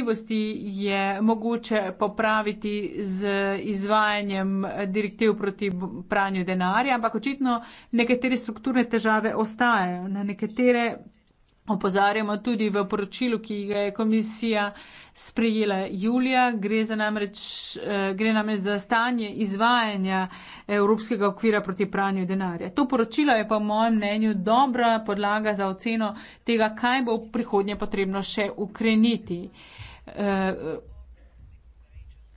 pomanjkljivosti je mogoče popraviti z izvajanjem direktiv proti pranju denarja, ampak očitno nekatere strukturne težave ostajajo. Na nekatere opozarjamo tudi v poročilu, ki ga je komisija sprejela julija. Gre, za namreč, eh, gre namreč za stanje izvajanja Evropskega okvira proti pranju denarja. To poročilo je pa v mojem mnenju dobra podlaga za oceno tega, kaj bo v prihodnje potrebno še ukreniti. Uh, Eh,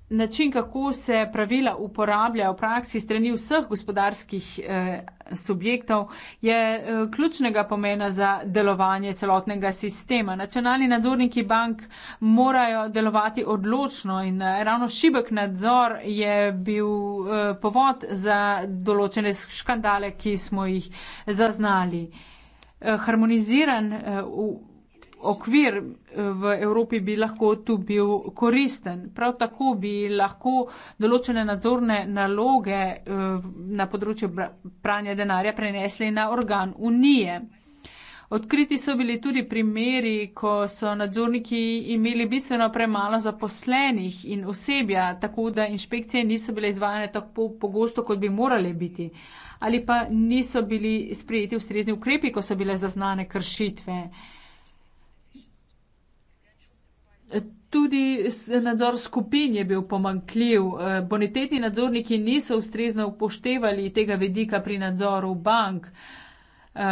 način, kako se pravila uporabljajo v praksi strani vseh gospodarskih eh, subjektov, je eh, ključnega pomena za delovanje celotnega sistema. Nacionalni nadzorniki bank morajo delovati odločno in ravno šibek nadzor je bil povod za določene škandale, ki smo jih zaznali. Harmoniziran okvir eh, v Evropi bi lahko tu bil koristen. Prav tako bi lahko določene nadzorne naloge eh, na področju pranja denarja prenesli na organ Unije. Odkriti so bili tudi primeri, ko so nadzorniki imeli bistveno premalo zaposlenih in osebja, tako da inšpekcije niso bile izvajane tako pogosto, kot bi morale biti, ali pa niso bili sprejeti ustrezni ukrepi, ko so bile zaznane kršitve. Uh, Tudi nadzor skupin je bil pomankljiv. Eh, bonitetni nadzorniki niso ustrezno upoštevali tega vedika pri nadzoru bank eh,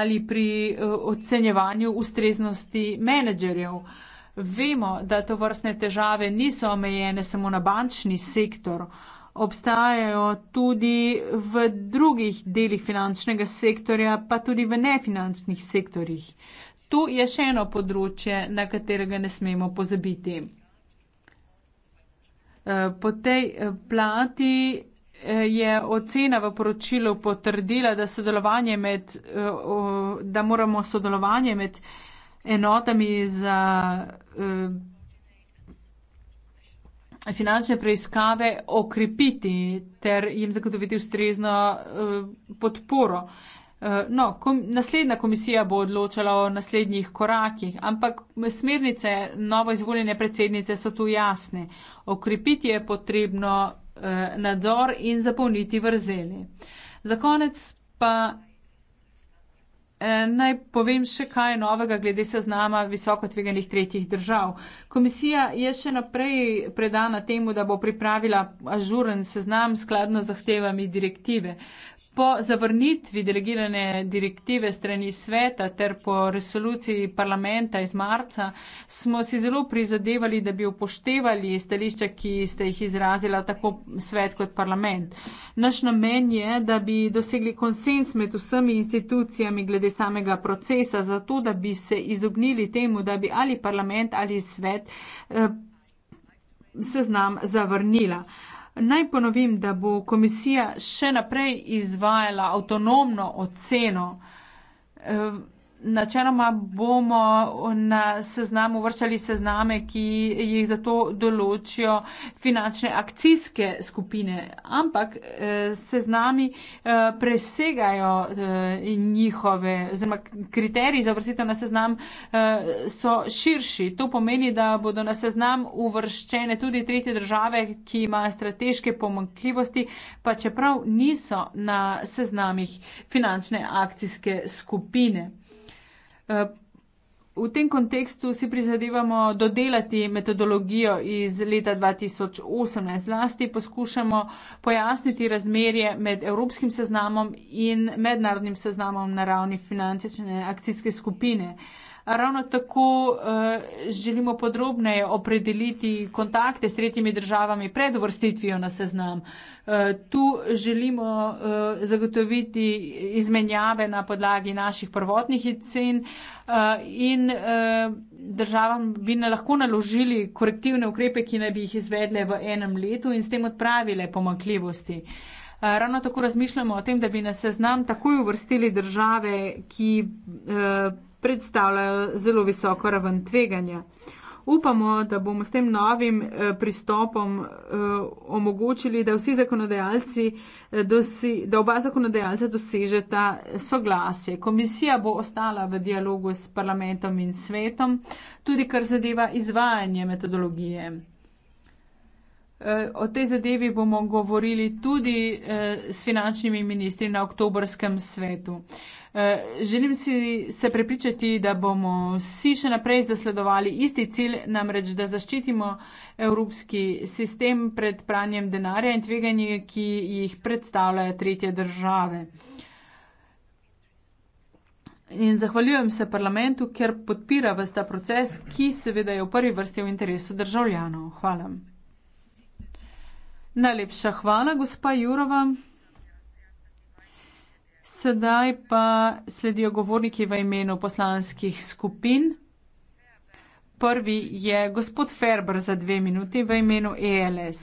ali pri eh, ocenjevanju ustreznosti menedžerjev. Vemo, da to vrstne težave niso omejene samo na bančni sektor. Obstajajo tudi v drugih delih finančnega sektorja, pa tudi v nefinančnih sektorjih. Tu je še eno področje, na katerega ne smemo pozabiti. Eh, po tej eh, plati eh, je ocena v poročilu potrdila, da, sodelovanje med, da moramo sodelovanje med enotami za finančne preiskave okrepiti ter jim zagotoviti ustrezno podporo. Eh, no, kom, naslednja komisija bo odločala o naslednjih korakih, ampak smernice novo izvoljene predsednice so tu jasne. Okrepiti je potrebno eh, nadzor in zapolniti vrzeli. Za konec pa eh, naj povem še kaj novega glede seznama visoko tveganih tretjih držav. Komisija je še naprej predana temu, da bo pripravila ažuren seznam skladno z zahtevami direktive. Po zavrnitvi delegirane direktive strani sveta ter po resoluciji parlamenta iz marca smo si zelo prizadevali, da bi upoštevali stališča, ki ste jih izrazila tako svet kot parlament. Naš namen je, da bi dosegli konsens med vsemi institucijami glede samega procesa, zato da bi se izognili temu, da bi ali parlament ali svet eh, seznam zavrnila. Eh, Naj ponovim, da bo komisija še naprej izvajala avtonomno oceno. Eh, načeloma bomo na seznam uvrščali sezname, ki jih zato določijo finančne akcijske skupine, ampak eh, seznami eh, presegajo eh, njihove, oziroma kriteriji za vrstitev na seznam so širši. To pomeni, da bodo na seznam uvrščene tudi tretje države, ki imajo strateške pomankljivosti, pa čeprav niso na seznamih finančne akcijske skupine. Skupine. V tem kontekstu si prizadevamo dodelati metodologijo iz leta 2018. Zlasti poskušamo pojasniti razmerje med evropskim seznamom in mednarodnim seznamom na ravni finančne akcijske skupine. Uh, Ravno tako uh, želimo podrobneje opredeliti kontakte s tretjimi državami pred uvrstitvijo na seznam. Uh, tu želimo uh, zagotoviti izmenjave na podlagi naših prvotnih cen uh, in uh, državam bi ne lahko naložili korektivne ukrepe, ki naj bi jih izvedle v enem letu in s tem odpravile pomakljivosti. Uh, Eh, ravno tako razmišljamo o tem, da bi na seznam takoj uvrstili države, ki eh, predstavljajo zelo visoko raven tveganja. Upamo, da bomo s tem novim eh, pristopom omogočili, da, dosi, da oba zakonodajalca dosežeta soglasje. Komisija bo ostala v dialogu s parlamentom in svetom, tudi kar zadeva izvajanje metodologije. Eh, o tej zadevi bomo govorili tudi eh, s finančnimi ministri na oktobrskem svetu. Eh, želim si se prepričati, da bomo vsi še naprej zasledovali isti cilj, namreč da zaščitimo evropski sistem pred pranjem denarja in tveganji, ki jih predstavljajo tretje države. In zahvaljujem se parlamentu, ker podpira vsta proces, ki seveda je v prvi vrsti v interesu državljanov. Hvala. Najlepša hvala, gospa Jurova. Sedaj pa sledijo govorniki v imenu poslanskih skupin. Prvi je gospod Ferber za dve minuti v imenu ELS.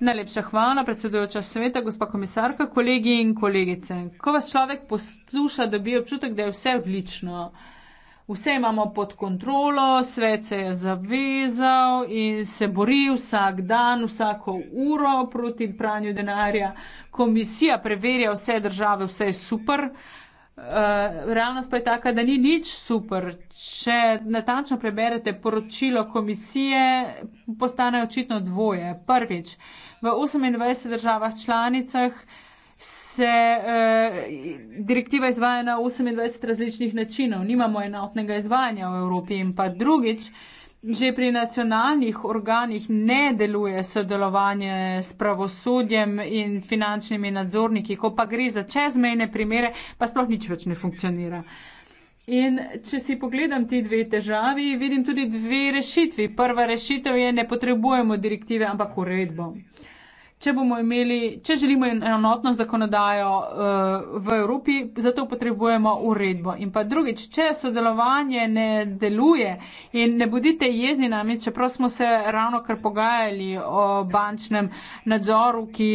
Najlepša hvala, predsedujoča sveta, gospa komisarka, kolegi in kolegice. Ko vas človek posluša, dobi občutek, da je vse odlično. Uh, vse imamo pod kontrolo, svet se je zavezal in se bori vsak dan, vsako uro proti pranju denarja. Komisija preverja vse države, vse je super. Uh, realnost pa je taka, da ni nič super. Če natančno preberete poročilo komisije, postane očitno dvoje. Prvič, v 28 državah članicah uh, se eh, direktiva izvaja na 28 različnih načinov, nimamo enotnega izvajanja v Evropi in pa drugič. Že pri nacionalnih organih ne deluje sodelovanje s pravosodjem in finančnimi nadzorniki, ko pa gre za čezmejne primere, pa sploh nič več ne funkcionira. In če si pogledam ti dve težavi, vidim tudi dve rešitvi. Prva rešitev je, ne potrebujemo direktive, ampak uredbo če bomo imeli, če želimo enotno zakonodajo uh, v Evropi, zato potrebujemo uredbo. In pa drugič, če sodelovanje ne deluje in ne bodite jezni nami, čeprav smo se ravno kar pogajali o bančnem nadzoru, ki,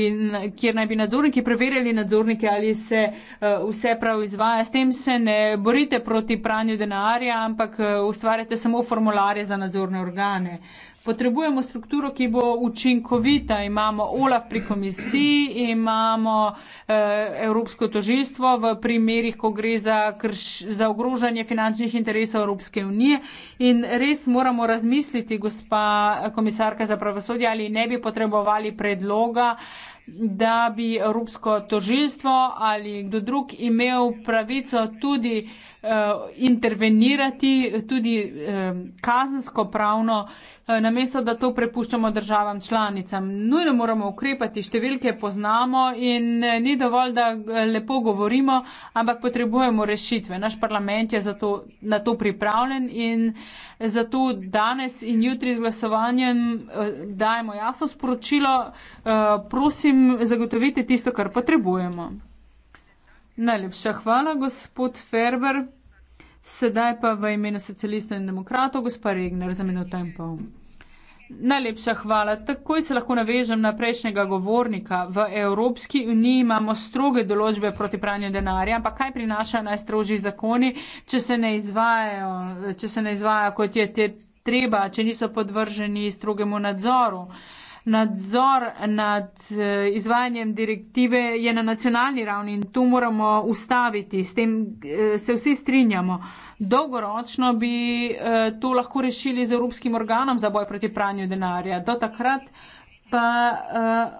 kjer naj bi nadzorniki preverjali nadzornike, ali se uh, vse prav izvaja, s tem se ne borite proti pranju denarja, ampak uh, ustvarjate samo formularje za nadzorne organe. Uh, Potrebujemo strukturo, ki bo učinkovita. Imamo OLAF pri komisiji, imamo eh, Evropsko tožilstvo v primerih, ko gre za, krš, za ogrožanje finančnih interesov Evropske unije. In res moramo razmisliti, gospa komisarka za pravosodje, ali ne bi potrebovali predloga eh, da bi Evropsko tožilstvo ali kdo drug imel pravico tudi uh, intervenirati, tudi um, kazensko pravno, uh, namesto da to prepuščamo državam članicam. Nujno moramo ukrepati, številke poznamo in ni dovolj, da lepo govorimo, ampak potrebujemo rešitve. Naš parlament je to, na to pripravljen in zato danes in jutri z glasovanjem uh, dajemo jasno sporočilo. Uh, prosim, jim zagotoviti tisto, kar potrebujemo. Najlepša hvala, gospod Ferber. Sedaj pa v imenu socialistov in demokratov, gospa Regner, za minuto in pol. Najlepša hvala. Takoj se lahko navežem na prejšnjega govornika. V Evropski uniji imamo stroge določbe proti pranju denarja, ampak kaj prinašajo najstrožji zakoni, če se ne izvajajo, če se ne izvajajo kot je te treba, če niso podvrženi strogemu nadzoru. Uh, nadzor nad eh, izvajanjem direktive je na nacionalni ravni in tu moramo ustaviti, s tem eh, se vsi strinjamo. Dolgoročno bi eh, to lahko rešili z Evropskim organom za boj proti pranju denarja. Do takrat pa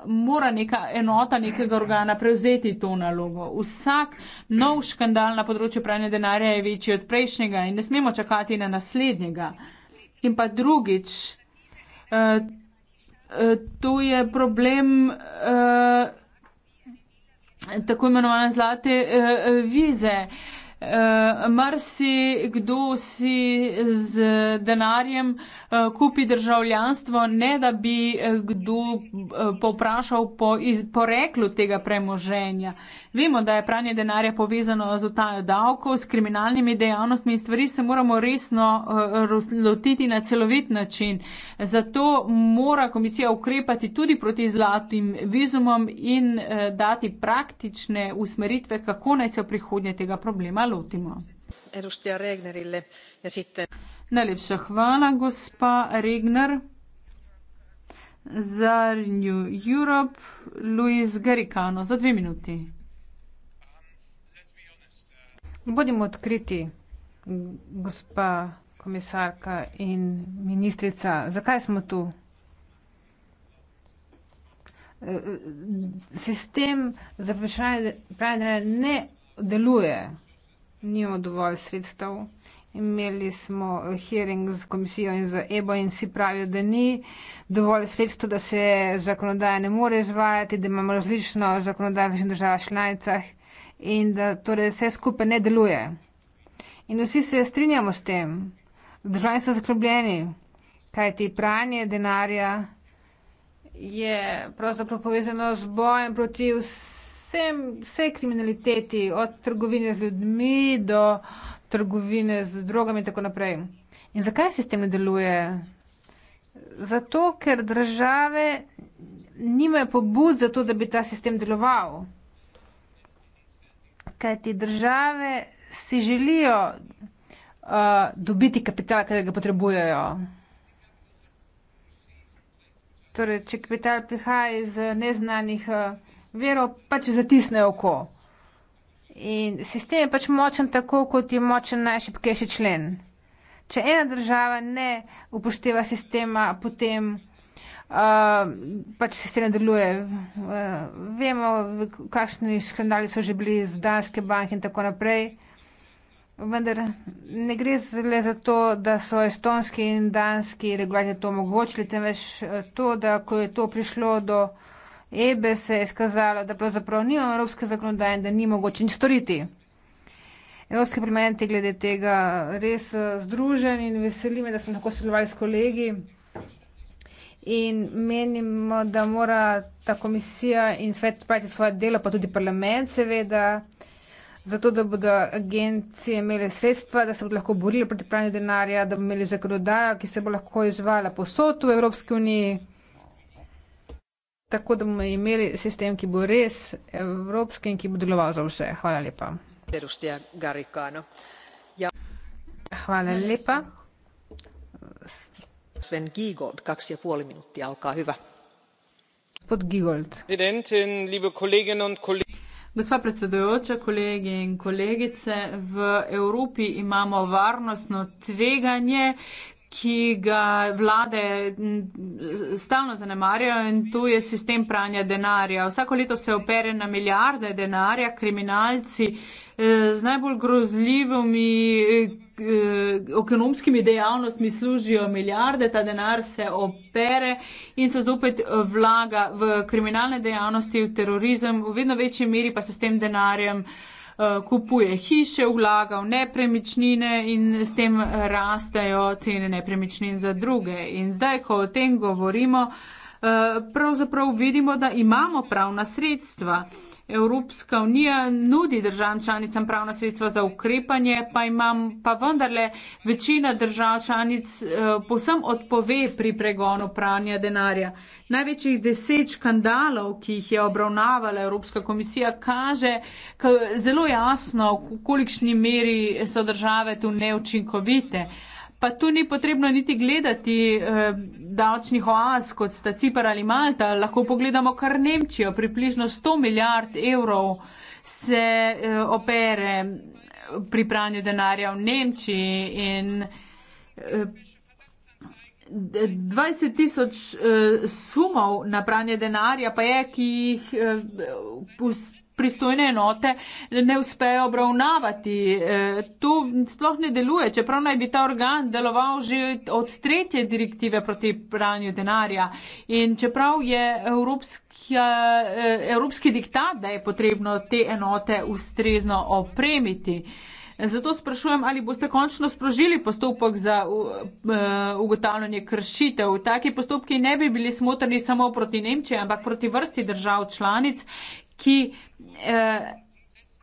mora neka enota nekega organa prevzeti to nalogo. Vsak nov škandal na področju pranja denarja je večji od prejšnjega in ne smemo čakati na naslednjega. In pa drugič, Eh, to je problem uh, tako imenovane zlate uh, vize. Uh, Uh, eh, Mrsi, kdo si z denarjem uh, kupi državljanstvo, ne da bi eh, kdo uh, povprašal po poreklu tega premoženja. Vemo, da je pranje denarja povezano z otajo davkov, s kriminalnimi dejavnostmi in stvari se moramo resno uh, lotiti na celovit način. Zato mora komisija ukrepati tudi proti zlatim vizumom in uh, dati praktične usmeritve, kako naj se v prihodnje tega problema lotimo. Ja Najlepša hvala, gospa Regner. Za New Europe, Luis Garicano, za dve minuti. Bodimo odkriti, gospa komisarka in ministrica, zakaj smo tu? Sistem za vprašanje ne deluje nimamo dovolj sredstev. Imeli smo eh, hearing z komisijo in z EBO in si pravijo, da ni dovolj sredstev, da se zakonodaja ne more izvajati, da imamo različno zakonodajo v različnih državah članicah in da torej vse skupaj ne deluje. In vsi se strinjamo s tem. Državljani so zaklopljeni, kaj ti pranje denarja je pravzaprav povezano z bojem proti vsem vsem, vse kriminaliteti, od trgovine z ljudmi do trgovine z drogami in tako naprej. In zakaj sistem ne deluje? Zato, ker države nimajo pobud za to, da bi ta sistem deloval. Kaj ti države si želijo uh, dobiti kapital, kaj ga potrebujejo. Torej, če kapital prihaja iz neznanih uh, vero pač zatisnejo oko. In sistem je pač močen tako, kot je močen najšipkejši člen. Če ena država ne upošteva sistema, potem uh, pač sistem ne deluje. Uh, vemo, kakšni škandali so že bili z Danske banke in tako naprej. Vendar ne gre le za to, da so estonski in danski regulatorji to omogočili, temveč uh, to, da ko je to prišlo do. EBE se je skazalo, da pravzaprav nimamo evropske zakonodaje in da ni mogoče nič storiti. Evropski parlament je glede tega res eh, združen in veseli me, da smo tako sodelovali s kolegi. In menimo, da mora ta komisija in svet praviti svoje delo, pa tudi parlament, seveda, zato, da bodo agencije imele sredstva, da se bodo lahko borili proti pranju denarja, da bodo imeli zakonodajo, ki se bo lahko izvala posod v Evropski uniji tako da bomo imeli sistem, ki bo res evropski in ki bo deloval za vse. Hvala lepa. Hvala lepa. Sven Giegold, kaksi ja puoli minuti, alka hyvä. Gospod Giegold. Gospa predsedujoča, kolegi in kolegice, v Evropi imamo varnostno tveganje, ki ga vlade stalno zanemarjajo in to je sistem pranja denarja. Vsako leto se opere na milijarde denarja kriminalci eh, z najbolj grozljivimi eh, ekonomskimi dejavnostmi služijo milijarde, ta denar se opere in se zopet vlaga v kriminalne dejavnosti, v terorizem, v vedno večji meri pa se s tem denarjem. Eh, kupuje hiše, vlaga v nepremičnine in s tem rastejo cene nepremičnin za druge. In zdaj, ko o tem govorimo, eh, pravzaprav vidimo, da imamo pravna sredstva. Evropska unija nudi državam članicam pravna sredstva za ukrepanje, pa imam pa vendarle večina držav članic eh, posem odpove pri pregonu pranja denarja. Največjih deset škandalov, ki jih je obravnavala Evropska komisija, kaže zelo jasno, v kolikšni meri so države tu neučinkovite. Eh, pa tu ni potrebno niti gledati eh, davčnih oaz, kot sta Cipar ali Malta, lahko pogledamo kar Nemčijo, približno 100 milijard evrov se eh, opere pri pranju denarja v Nemčiji in eh, 20 tisoč eh, sumov na pranje denarja pa je, ki jih eh, pristojne enote ne uspejo obravnavati. Eh, to sploh ne deluje, čeprav naj bi ta organ deloval že od tretje direktive proti pranju denarja. In čeprav je evropska, eh, evropski diktat, da je potrebno te enote ustrezno opremiti. Zato sprašujem, ali boste končno sprožili postopek za eh, ugotavljanje kršitev. Taki postopki ne bi bili smotrni samo proti Nemčiji, ampak proti vrsti držav članic, ki eh,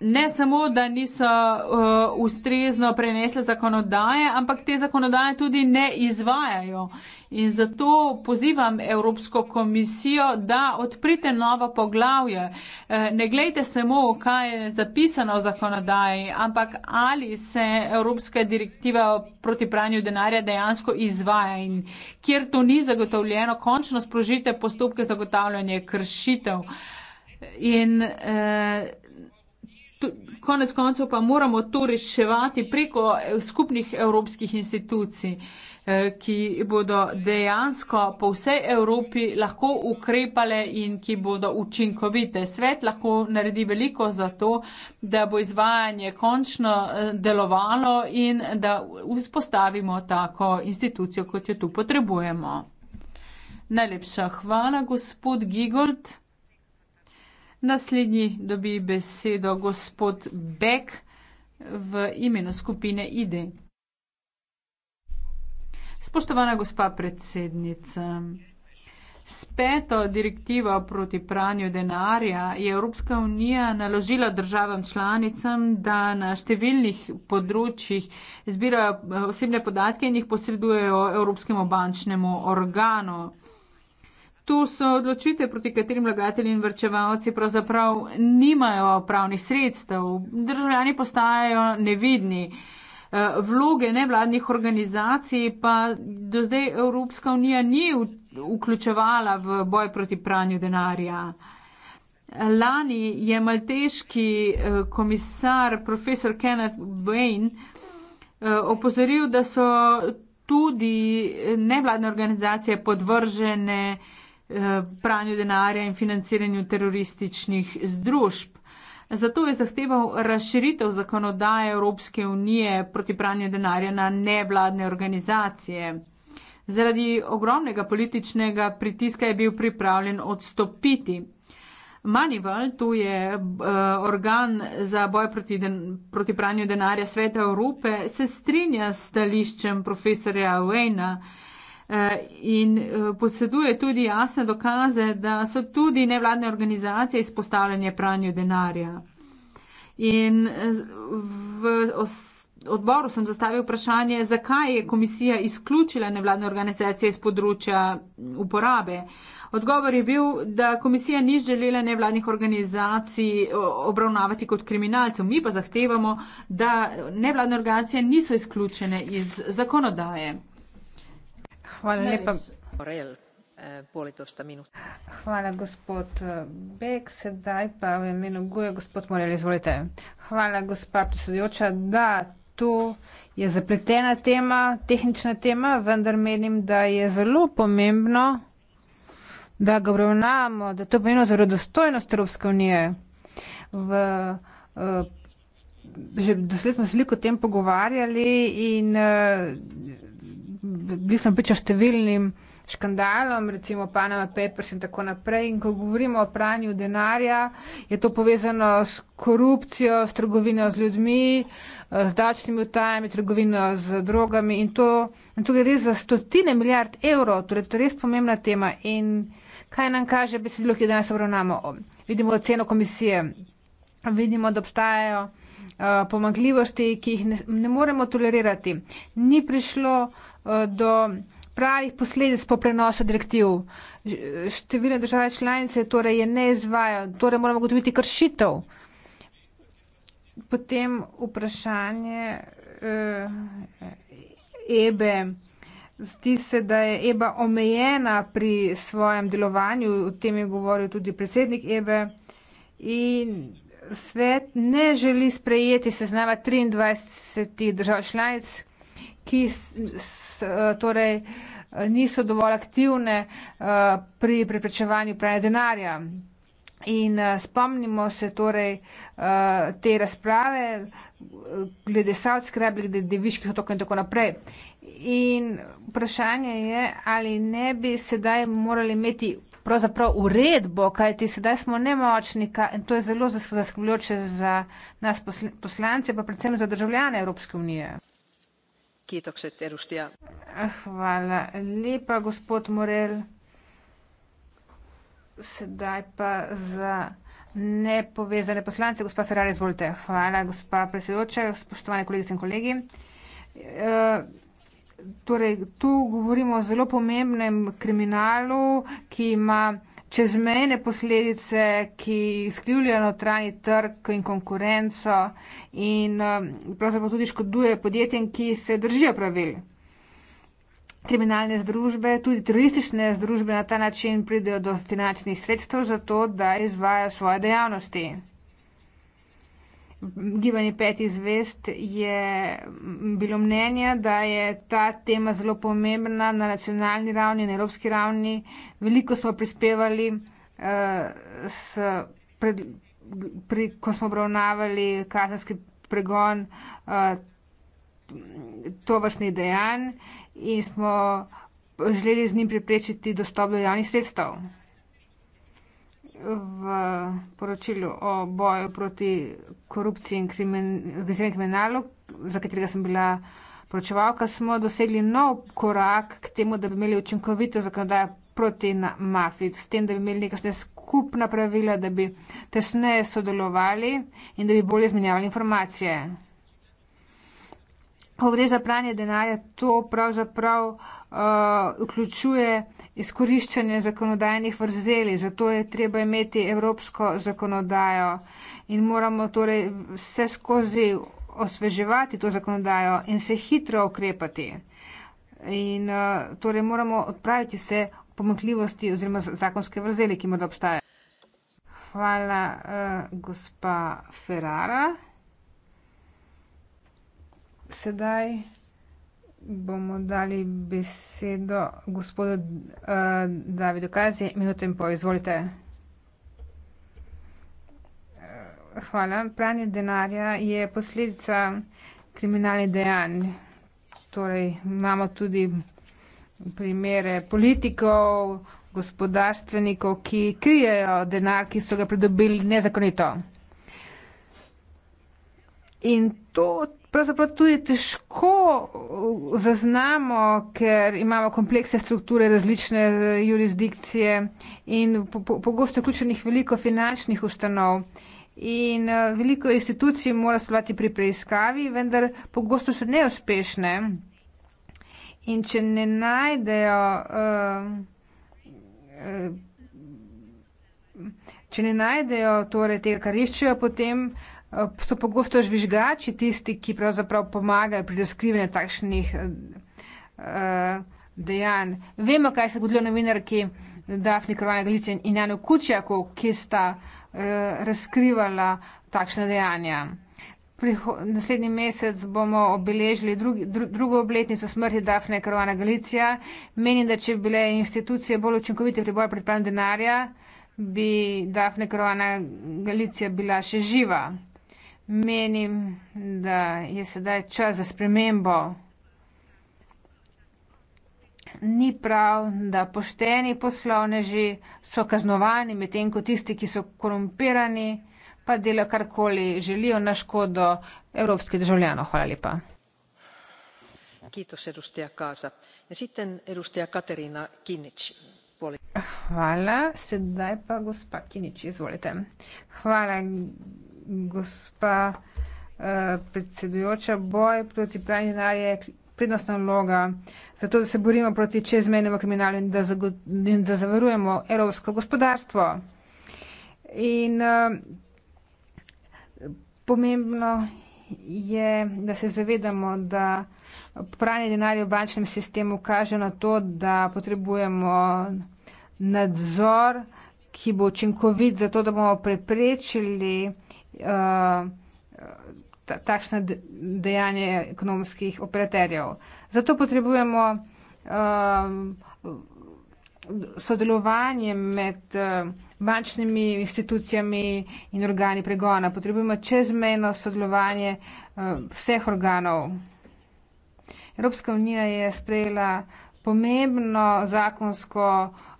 ne samo, da niso eh, ustrezno prenesle zakonodaje, ampak te zakonodaje tudi ne izvajajo. In zato pozivam Evropsko komisijo, da odprite novo poglavje. Eh, ne gledajte samo, kaj je zapisano v zakonodaji, ampak ali se Evropska direktiva proti pranju denarja dejansko izvaja in kjer to ni zagotovljeno, končno sprožite postopke zagotavljanja kršitev. In eh, konec koncev pa moramo to reševati preko eh, skupnih evropskih institucij, eh, ki bodo dejansko po vsej Evropi lahko ukrepale in ki bodo učinkovite. Svet lahko naredi veliko za to, da bo izvajanje končno delovalo in da vzpostavimo tako institucijo, kot jo tu potrebujemo. Najlepša hvala, gospod Gigold. Naslednji dobi besedo gospod Bek v imenu skupine ID. Spoštovana gospa predsednica, s peto direktivo proti pranju denarja je Evropska unija naložila državam članicam, da na številnih področjih zbirajo osebne podatke in jih posredujejo evropskemu bančnemu organu to so odločitve, proti katerim vlagatelji in vrčevalci pravzaprav nimajo pravnih sredstev. Državljani postajajo nevidni. Eh, vloge nevladnih organizacij pa do zdaj Evropska unija ni vključevala v boj proti pranju denarja. Lani je malteški eh, komisar profesor Kenneth Wayne eh, opozoril, da so tudi nevladne organizacije podvržene pranju denarja in financiranju terorističnih združb. Zato je zahteval razširitev zakonodaje Evropske unije proti pranju denarja na nevladne organizacije. Zaradi ogromnega političnega pritiska je bil pripravljen odstopiti. Manival, to je uh, organ za boj proti, den, proti pranju denarja Sveta Evrope, se strinja s stališčem profesorja Wayna, uh, Eh, in eh, poseduje tudi jasne dokaze, da so tudi nevladne organizacije izpostavljene pranju denarja. In eh, v odboru sem zastavil vprašanje, zakaj je komisija izključila nevladne organizacije iz področja uporabe. Odgovor je bil, da komisija ni želela nevladnih organizacij obravnavati kot kriminalcev. Mi pa zahtevamo, da nevladne organizacije niso izključene iz zakonodaje. Eh, eh, Hvala, gospa predsedujoča. Da, to je zapletena tema, tehnična tema, vendar menim, da je zelo pomembno, da ga obravnavamo, da to pomeni verodostojnost Evropske unije. V, eh, že doslej smo se veliko o tem pogovarjali in uh, bili smo priča številnim škandalom, recimo Panama Papers in tako naprej. In ko govorimo o pranju denarja, je to povezano s korupcijo, s trgovino z ljudmi, eh, z dačnimi utajami, trgovino z drogami in to, in tukaj res za stotine milijard evrov, torej to je res pomembna tema. In kaj nam kaže besedilo, ki danes obravnamo? Vidimo oceno komisije, vidimo, da obstajajo eh, pomagljivosti, ki jih ne, ne moremo tolerirati. Ni prišlo Eh, do pravih posledic po prenosu direktiv. Številne države članice torej je ne izvajo, torej moramo gotoviti kršitev. Potem vprašanje eh, EBE. Zdi se, da je EBA omejena pri svojem delovanju, o tem je govoril tudi predsednik EBE. In svet ne želi sprejeti seznama 23 držav članic, ki s, s, torej, niso dovolj aktivne uh, pri preprečevanju pranja denarja. In uh, spomnimo se torej uh, te razprave glede Saudske Arabije, glede deviških otokov in tako naprej. In vprašanje je, ali ne bi sedaj morali imeti pravzaprav uredbo, kajti sedaj smo nemočni in to je zelo zaskrbljujoče za nas poslance, pa predvsem za državljane Evropske unije. Kiitokset edustaja. Hvala lepa, gospod Morel. Sedaj pa za nepovezane poslance, gospa Ferrari, izvolite. Hvala, gospa predsedoča, spoštovane kolegice in kolegi. Eh, torej, tu govorimo o zelo pomembnem kriminalu, ki ima čezmejne posledice, ki skrivljajo notranji trg in konkurenco in um, pravzaprav tudi škodujejo podjetjem, ki se držijo pravil. Kriminalne združbe, tudi teroristične združbe na ta način pridejo do finančnih sredstev za to, da izvajo svoje dejavnosti. Gibanje petih zvest je bilo mnenje, da je ta tema zelo pomembna na nacionalni ravni, na evropski ravni. Veliko smo prispevali, eh, s, pred, pri, ko smo obravnavali kazenski pregon eh, to vrstnih dejanj in smo želeli z njim preprečiti dostop do javnih sredstev. V poročilu o boju proti korupciji in organiziranem kriminalu, za katerega sem bila poročevalka, smo dosegli nov korak k temu, da bi imeli učinkovito zakonodajo proti mafiji, s tem, da bi imeli nekaj skupna pravila, da bi tesneje sodelovali in da bi bolje izmenjavali informacije ko gre za pranje denarja, to pravzaprav uh, vključuje izkoriščanje zakonodajnih vrzeli. Zato je treba imeti evropsko zakonodajo in moramo torej vse skozi osveževati to zakonodajo in se hitro ukrepati. In uh, torej moramo odpraviti vse pomakljivosti oziroma zakonske vrzeli, ki morda obstajajo. Hvala, uh, gospa Ferrara sedaj bomo dali besedo gospodu uh, Davidu Kazi. Minuto in pol, izvolite. Eh, hvala. Pranje denarja je posledica kriminalnih dejanj. Torej, imamo tudi primere politikov, gospodarstvenikov, ki krijejo denar, ki so ga pridobili nezakonito. In to pravzaprav tudi težko uh, zaznamo, ker imamo kompleksne strukture, različne uh, jurisdikcije in pogosto po, po vključenih veliko finančnih ustanov. In uh, veliko institucij mora sodelovati pri preiskavi, vendar pogosto so neuspešne. In če ne najdejo, uh, uh, če ne najdejo torej tega, kar iščejo, potem uh, Eh, so pogosto žvižgači tisti, ki pravzaprav pomagajo pri razkrivanju takšnih eh, dejanj. Vemo, kaj se je zgodilo novinarki Dafni Krovane Galicije in Janu Kučjaku, ki sta eh, razkrivala takšne dejanja. Naslednji mesec bomo obeležili drugo obletnico smrti Dafne Krovana Galicija. Menim, da če bi bile institucije bolj učinkovite pri boju pred planom denarja, bi Dafne Krovana Galicija bila še živa menim, da je sedaj čas za spremembo. Ni prav, da pošteni poslovneži so kaznovani, medtem ko tisti, ki so korumpirani, pa delajo karkoli želijo na škodo evropskih državljanov. Hvala lepa. Ja Hvala. Sedaj pa gospa Kinič, izvolite. Hvala gospa eh, predsedujoča, boj proti pranju denarja je prednostna vloga za to, da se borimo proti čezmenemu kriminalu in da, in da zavarujemo evropsko gospodarstvo. In eh, pomembno je, da se zavedamo, da pranje denarja v bančnem sistemu kaže na to, da potrebujemo nadzor, ki bo učinkovit za to, da bomo preprečili Eh, takšne dejanje ekonomskih operaterjev. Zato potrebujemo eh, sodelovanje med eh, bančnimi institucijami in organi pregona. Potrebujemo čezmejno sodelovanje vseh organov. Evropska unija je sprejela pomembno zakonsko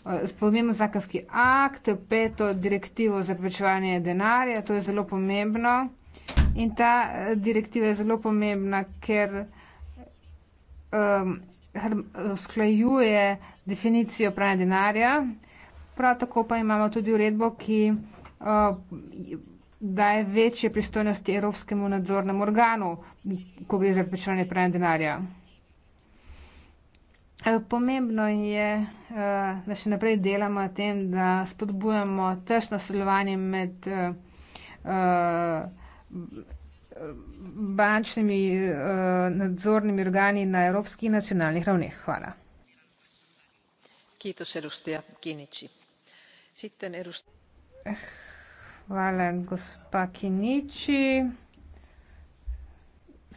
Eh, spomnimo zakonski akt, peto direktivo za preprečevanje denarja, to je zelo pomembno. In ta eh, direktiva je zelo pomembna, ker ehm, usklajuje um, definicijo pranja denarja. Prav tako pa imamo tudi uredbo, ki uh, daje večje pristojnosti Evropskemu nadzornemu organu, ko gre za preprečevanje pranja denarja. Eh, pomembno je, eh, da še naprej delamo na tem, da spodbujamo tesno sodelovanje med eh, bančnimi nadzornimi organi na evropskih in nacionalnih ravneh. Hvala. Hvala, gospa Kinichi.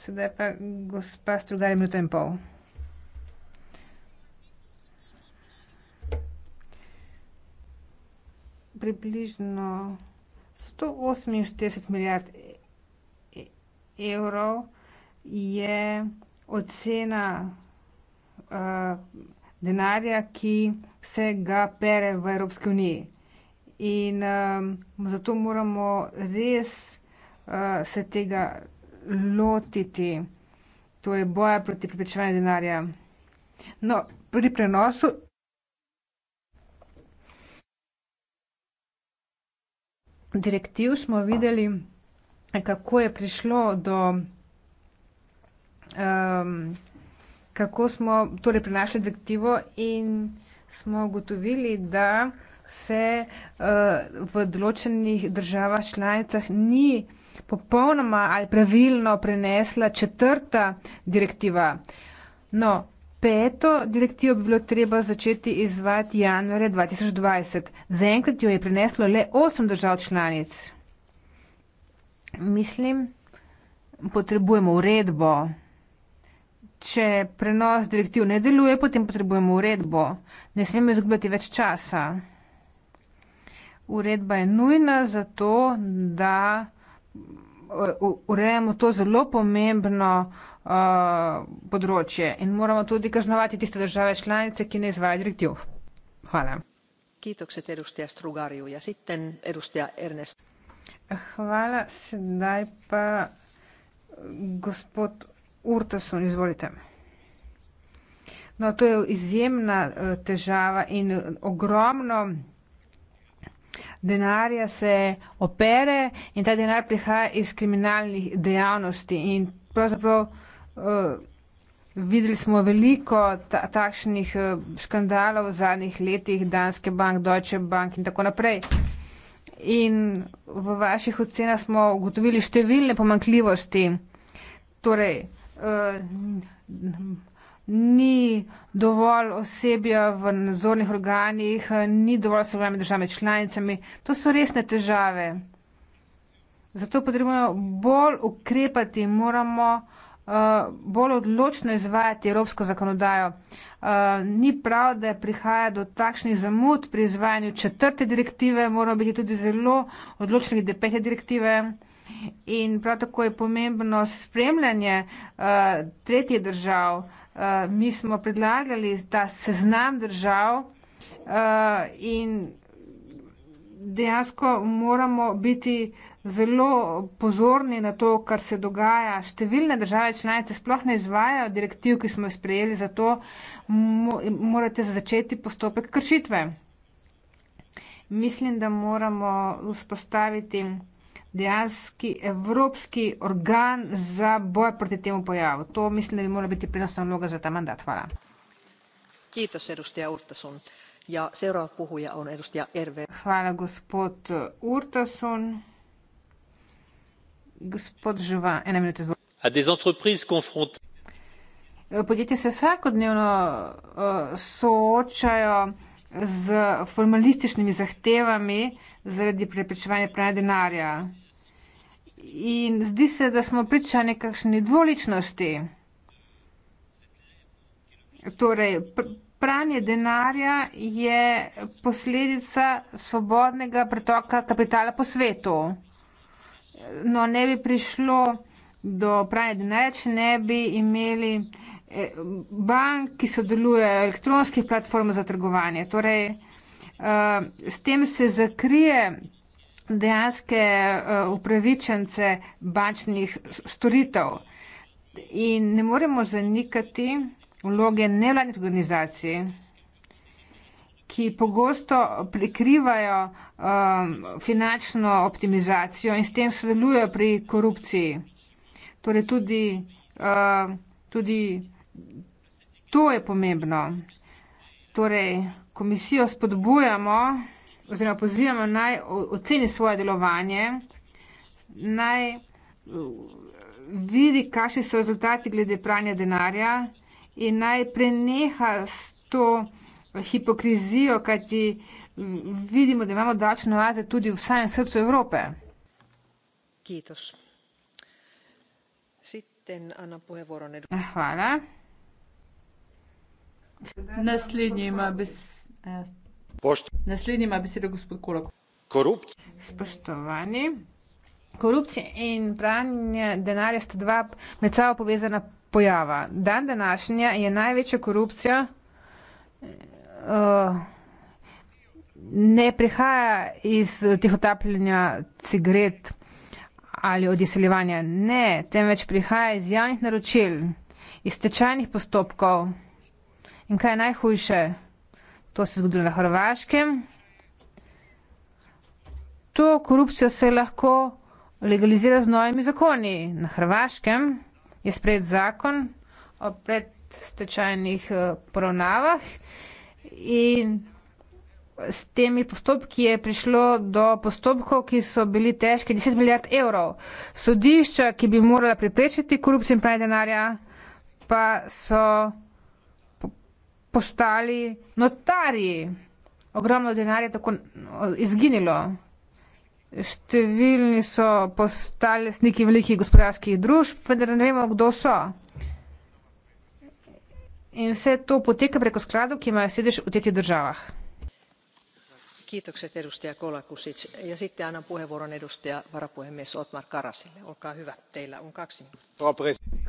Sedaj pa gospa Strugar, minuto in pol. približno 148 milijard e-, evrov je ocena uh, denarja, ki se ga pere v Evropski uniji. In um, zato moramo res uh, se tega lotiti, torej boja proti pripričevanju denarja. No, pri prenosu direktiv smo videli, kako je prišlo do, um, kako smo torej prenašali direktivo in smo ugotovili, da se uh, v določenih državah članicah ni popolnoma ali pravilno prenesla četrta direktiva. No, Peto direktivo bi bilo treba začeti izvati januarja 2020. Zaenkrat jo je prineslo le osem držav članic. Mislim, potrebujemo uredbo. Če prenos direktiv ne deluje, potem potrebujemo uredbo. Ne smemo izgubljati več časa. Uredba je nujna zato, da urejamo to zelo pomembno uh, področje in moramo tudi kaznovati tiste države članice, ki ne izvajajo direktiv. Hvala. Kiitokset edustaja Strugariju ja sitten edustaja Ernest. Hvala, sedaj pa eh, gospod Urtason, izvolite. No, to je izjemna eh, težava in eh, ogromno denarja se opere in ta denar prihaja iz kriminalnih dejavnosti. In pravzaprav uh, videli smo veliko ta, takšnih uh, škandalov v zadnjih letih, Danske bank, Deutsche bank in tako naprej. In v vaših ocenah smo ugotovili številne pomankljivosti. Torej, uh, ni dovolj osebja v nadzornih organih, ni dovolj sodelovanja med državami članicami. To so resne težave. Zato potrebujemo bolj ukrepati, moramo uh, bolj odločno izvajati evropsko zakonodajo. Uh, ni prav, da prihaja do takšnih zamud pri izvajanju četrte direktive, moramo biti tudi zelo odločni glede pete direktive. In prav tako je pomembno spremljanje uh, tretjih držav, uh, Eh, mi smo predlagali ta seznam držav eh, in dejansko moramo biti zelo pozorni na to, kar se dogaja. Številne države članice sploh ne izvajajo direktiv, ki smo jih sprejeli, zato morate začeti postopek kršitve. Mislim, da moramo vzpostaviti dejanski evropski organ za boj proti temu pojavu. To mislim, da bi morala biti prednostna vloga za ta mandat. Hvala. Kiitos, edustaja Urtasun. Ja seuraava puhuja on edustaja Erve. Hvala, gospod Urtasun. Gospod Živa, ena minuta zvon. A des entreprises confrontées Podjetja se vsakodnevno eh, soočajo z formalističnimi zahtevami zaradi preprečevanja pranja denarja in zdi se, da smo priča nekakšni dvoličnosti. Torej, pranje denarja je posledica svobodnega pretoka kapitala po svetu. No, ne bi prišlo do pranja denarja, če ne bi imeli e, bank, ki sodeluje elektronskih platform za trgovanje. Torej, e, s tem se zakrije dejanske eh, upravičence bančnih storitev. In ne moremo zanikati vloge nevladnih organizacij, ki pogosto prikrivajo um, finančno optimizacijo in s tem sodelujejo pri korupciji. Torej tudi, uh, tudi to je pomembno. Torej, komisijo spodbujamo oziroma pozivamo naj oceni svoje delovanje, naj uh, vidi, kakšni so rezultati glede pranja denarja in naj preneha s to hipokrizijo, kajti vidimo, da imamo davčne oaze tudi v samem srcu Evrope. Hvala. Naslednji ima bes... Naslednji ima besedo gospod Kolak. Korupcija. Spoštovani. Korupcija in pranje denarja sta dva med sabo povezana pojava. Dan današnja je največja korupcija, eh, ne prihaja iz tihotapljenja cigaret ali od izseljevanja, ne, temveč prihaja iz javnih naročil, iz stečajnih postopkov. In kaj je najhujše? To se je zgodilo na Hrvaškem. To korupcijo se je lahko legalizira z novimi zakoni. Na Hrvaškem je sprejet zakon o predstečajnih eh, poravnavah in s temi postopki je prišlo do postopkov, ki so bili težki 10 milijard evrov. Sodišča, ki bi morala preprečiti korupcijo in pranje denarja, pa so postali notarji. Ogromno denarja je tako eh, izginilo. Številni so postali lastniki velikih gospodarskih družb, vendar ne vemo, kdo so. In vse to poteka preko skladov, ki imajo sedež v teh državah kiitokset edustaja kola kusic ja sitten annan puheenvuoron edustaja varapuhemies othmar karasille olkaa hyvä teillä on kaksi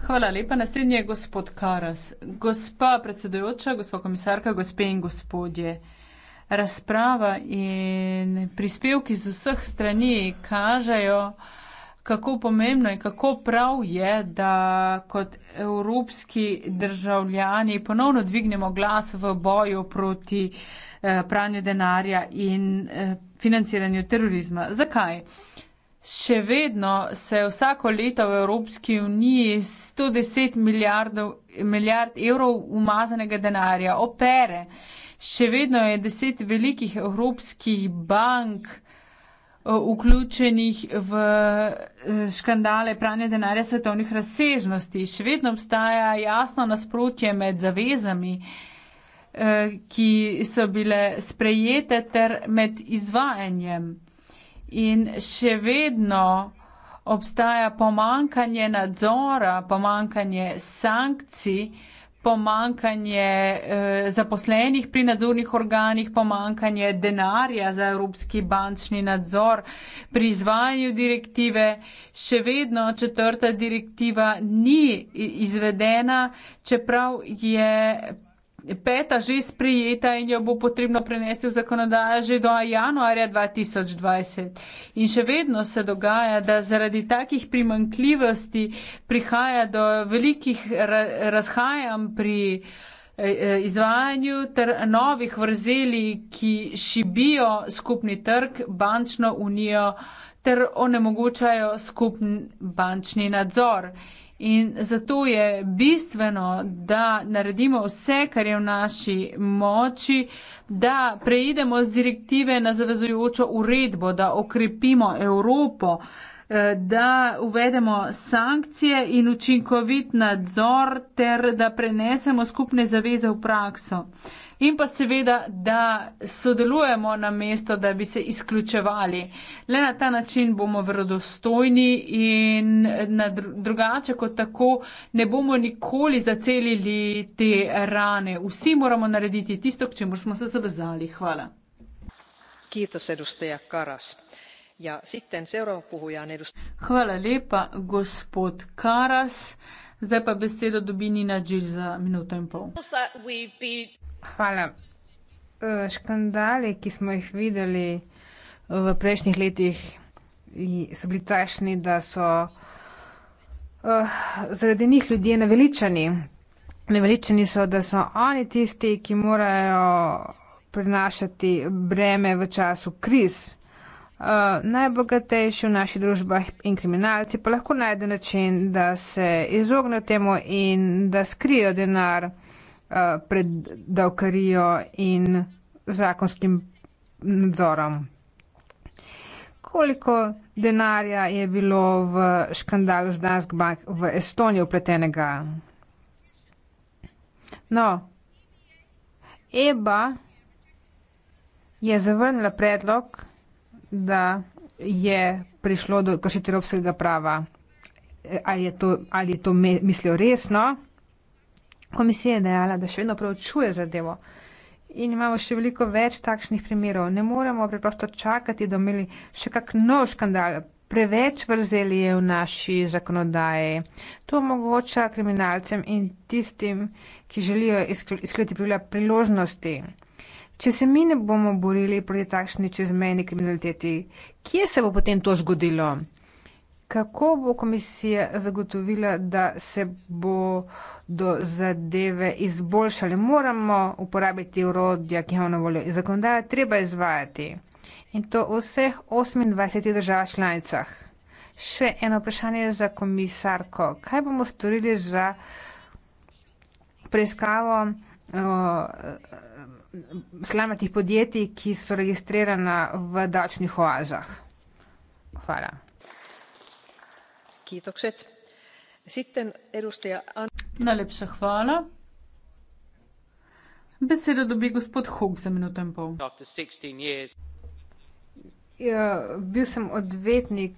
Hvala lepa na srednje, gospod Karas. Gospa predsedujoča, gospa komisarka, gospe in gospodje. Razprava in prispevki z vseh strani kažejo, kako pomembno in kako prav je, da kot evropski državljani ponovno dvignemo glas v boju proti eh, Eh, pranju denarja in eh, financiranju terorizma. Zakaj? Še vedno se vsako leto v Evropski uniji 110 milijardov, milijard evrov umazanega denarja opere. Še vedno je deset velikih evropskih bank eh, vključenih v škandale pranja denarja svetovnih razsežnosti. Še vedno obstaja jasno nasprotje med zavezami, Eh, ki so bile sprejete ter med izvajanjem. In še vedno obstaja pomankanje nadzora, pomankanje sankcij, pomankanje eh, zaposlenih pri nadzornih organih, pomankanje denarja za Evropski bančni nadzor pri izvajanju direktive. Še vedno četrta direktiva ni izvedena, čeprav je peta že sprijeta in jo bo potrebno prenesti v zakonodajo že do januarja 2020. In še vedno se dogaja, da zaradi takih primankljivosti prihaja do velikih ra razhajanj pri eh, eh, izvajanju ter novih vrzeli, ki šibijo skupni trg, bančno unijo ter onemogočajo skupni bančni nadzor. In zato je bistveno, da naredimo vse, kar je v naši moči, da preidemo z direktive na zavezujočo uredbo, da okrepimo Evropo, eh, da uvedemo sankcije in učinkovit nadzor ter da prenesemo skupne zaveze v prakso in pa seveda, da sodelujemo na mesto, da bi se izključevali. Le na ta način bomo vrodostojni in na dru drugače kot tako ne bomo nikoli zacelili te rane. Vsi moramo narediti tisto, k čemu smo se zavezali. Hvala. Kitos, edustaja Karas. Ja, sitten seuraava puhuja on edustaja... Hvala lepa, gospod Karas. Zdaj pa besedo dobi Nina Džil za minuto in pol. Hvala. E, škandali, ki smo jih videli e, v prejšnjih letih, so bili takšni, da so e, zaradi njih ljudje naveličani. Naveličani so, da so oni tisti, ki morajo prenašati breme v času kriz. Najbogatejši v naših družbah in kriminalci pa lahko najde način, da se izognejo temu in da skrijo denar. Eh, pred davkarijo in zakonskim nadzorom. Koliko denarja je bilo v škandalu z Dansk Bank v Estoniji upletenega? No, EBA je zavrnila predlog, da je prišlo do kršitev evropskega prava. Ali je to, ali je to mislil resno? Komisija je dejala, da še vedno preučuje zadevo in imamo še veliko več takšnih primerov. Ne moremo preprosto čakati, da imeli še kak nov škandal. Preveč vrzeli je v naši zakonodaji. To omogoča kriminalcem in tistim, ki želijo izkriti priložnosti. Če se mi ne bomo borili proti takšni čezmejni kriminaliteti, kje se bo potem to zgodilo? Kako bo komisija zagotovila, da se bodo zadeve izboljšale? Moramo uporabiti urodja, ki imamo na voljo. Zakonodajo treba izvajati in to v vseh 28 državah članicah. Še eno vprašanje za komisarko. Kaj bomo storili za preiskavo slamatih podjetij, ki so registrirana v davčnih oazah? Hvala. Najlepša hvala. Besedo dobi gospod Hook za minuto in pol. Ja, bil sem odvetnik,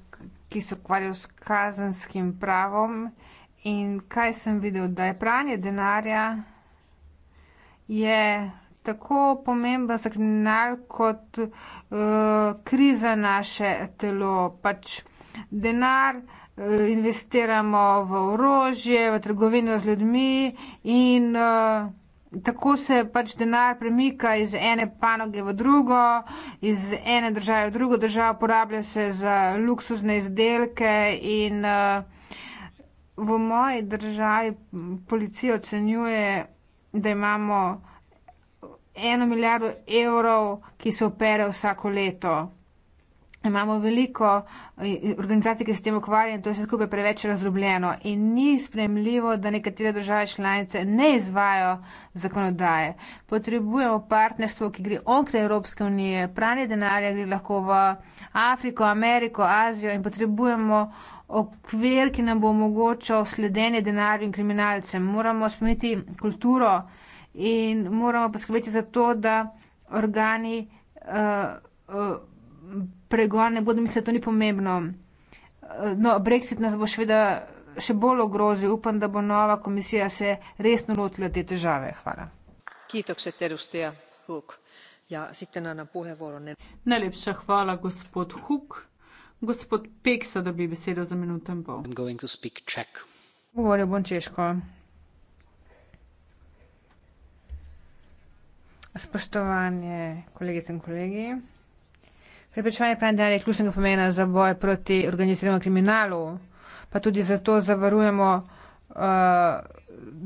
ki se ukvarjal s kazenskim pravom in kaj sem videl, da je pranje denarja je tako pomemben za kriminal kot uh, kriza naše telo. Pač denar uh, Eh, investiramo v orožje, v trgovino z ljudmi in eh, tako se pač denar premika iz ene panoge v drugo, iz ene države v drugo državo, porablja se za luksuzne izdelke in eh, v moji državi policija ocenjuje, da imamo eno milijardo evrov, ki se opere vsako leto imamo veliko eh, organizacij, ki se s tem ukvarjajo in to je vse skupaj preveč razdrobljeno in ni spremljivo, da nekatere države članice ne izvajo zakonodaje. Potrebujemo partnerstvo, ki gre onkraj Evropske unije, pranje denarja gre lahko v Afriko, Ameriko, Azijo in potrebujemo okvir, ki nam bo omogočal sledenje denarju in kriminalcem. Moramo spremeniti kulturo in moramo poskrbeti za to, da organi uh, uh, pregon ne bodo mislili, da to ni pomembno. Eh, no, Brexit nas bo šveda še bolj ogrožil. Upam, da bo nova komisija se resno lotila te težave. Hvala. Kitokset, Erustija, Huk. Ja, sitte na napuhe volone. Najlepša hvala, gospod Huk. Gospod Peksa dobi besedo za minuto in pol. Govoril bom češko. Spoštovanje kolegice in kolegi. Prepričanje pandemije je ključnega pomena za boj proti organiziranemu kriminalu, pa tudi zato zavarujemo uh,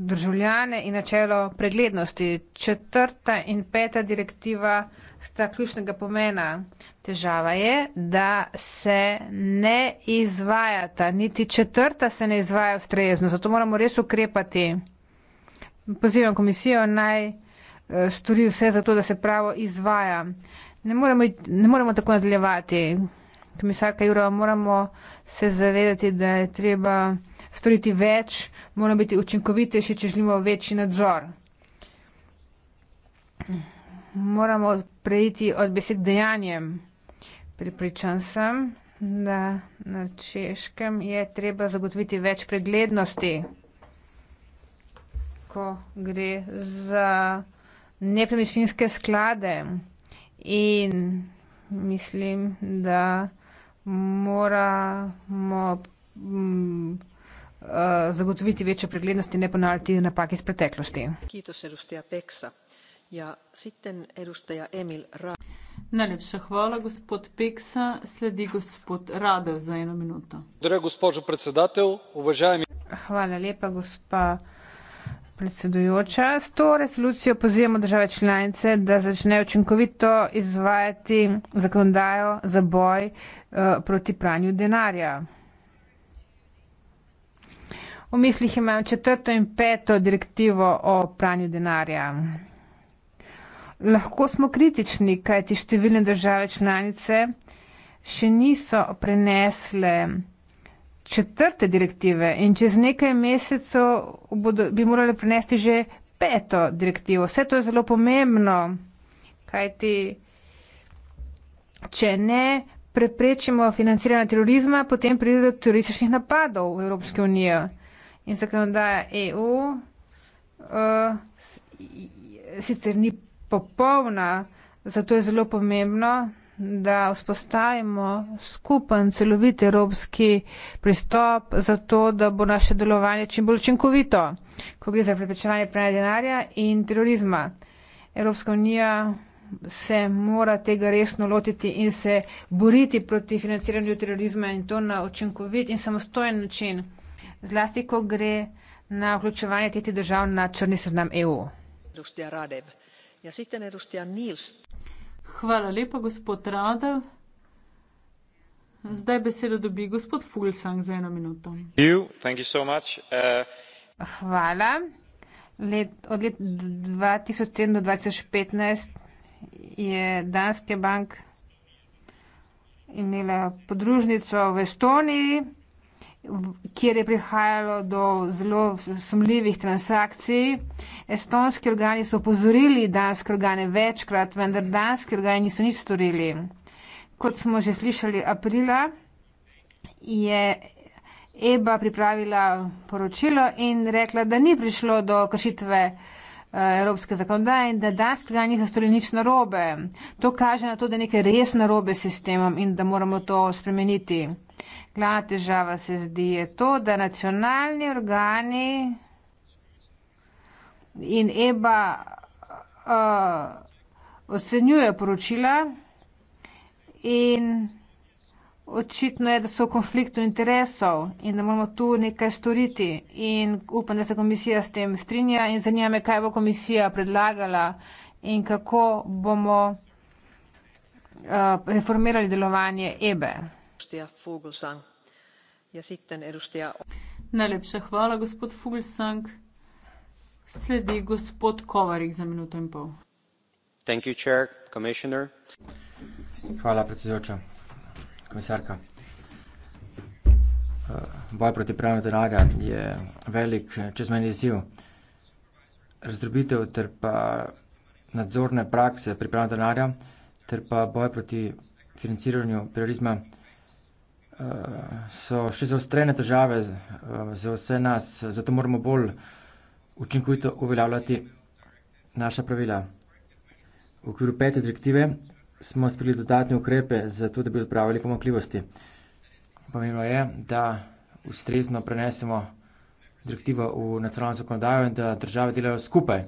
državljane in načelo preglednosti. Četrta in peta direktiva sta ključnega pomena. Težava je, da se ne izvajata, niti četrta se ne izvaja ustrezno, zato moramo res ukrepati. Pozivam komisijo naj uh, stori vse za to, da se pravo izvaja. Ne moremo, ne moremo tako nadaljevati. Komisarka Jurova, moramo se zavedati, da je treba storiti več, moramo biti učinkovitejši, če želimo večji nadzor. Moramo preiti od besed dejanjem. Pripričan sem, da na češkem je treba zagotoviti več preglednosti, ko gre za nepremičninske sklade. In mislim, da moramo mm, uh, zagotoviti večjo preglednost in ne ponavljati napak iz preteklosti. Ja, Najlepša hvala, gospod Peksa. Sledi gospod Radev za eno minuto. Hvala lepa, gospod predsedujoča. S to resolucijo pozivamo države članice, da začnejo učinkovito izvajati zakonodajo za boj uh, proti pranju denarja. V mislih imam četrto in peto direktivo o pranju denarja. Lahko smo kritični, kajti številne države članice še niso prenesle četrte direktive in čez nekaj mesecev bodo, bi morali prinesti že peto direktivo. Vse to je zelo pomembno, kajti če ne preprečimo financiranja terorizma, potem pride do terorističnih napadov v Evropske unije. In zakonodaja EU uh, eh, sicer ni popolna, zato je zelo pomembno, da vzpostavimo skupen celovit evropski pristop za to, da bo naše delovanje čim bolj učinkovito, ko gre za preprečevanje pranja denarja in terorizma. Evropska unija se mora tega resno lotiti in se boriti proti financiranju terorizma in to na učinkovit in samostojen način, zlasti ko gre na vključevanje tretjih držav na črni seznam EU. Hvala lepa, gospod Radev. Zdaj besedo dobi gospod Fulsang za eno minuto. Uh, Hvala. Let, od leta 2007 do 2015 je Danske bank imela podružnico v Estoniji kjer je prihajalo do zelo sumljivih transakcij. Estonski organi so opozorili danske organe večkrat, vendar danske organe niso nič storili. Kot smo že slišali aprila, je EBA pripravila poročilo in rekla, da ni prišlo do kršitve Eh, evropske zakonodaje in da danes kraj niso storili nič narobe. To kaže na to, da nekaj res narobe s sistemom in da moramo to spremeniti. Glavna težava se zdi je to, da nacionalni organi in EBA uh, eh, ocenjuje poročila in očitno je, da so v konfliktu interesov in da moramo tu nekaj storiti. In upam, da se komisija s tem strinja in zanima me, kaj bo komisija predlagala in kako bomo uh, reformirali delovanje EBE. Ja, Najlepša hvala, gospod Fuglsang. Sledi gospod Kovarik za minuto in pol. Thank you, chair, commissioner. Hvala, predsedujoča komisarka. Eh, boj proti pranju denarja je velik eh, čezmeni izziv. Razdrobitev ter pa nadzorne prakse pri pranju denarja ter pa boj proti financiranju terorizma eh, so še zaostrene težave za vse nas, zato moramo bolj učinkovito uveljavljati naša pravila. V okviru pete direktive smo sprejeli dodatne ukrepe za to, da bi odpravili pomakljivosti. Pomembno je, da ustrezno prenesemo direktivo v nacionalno zakonodajo in da države delajo skupaj.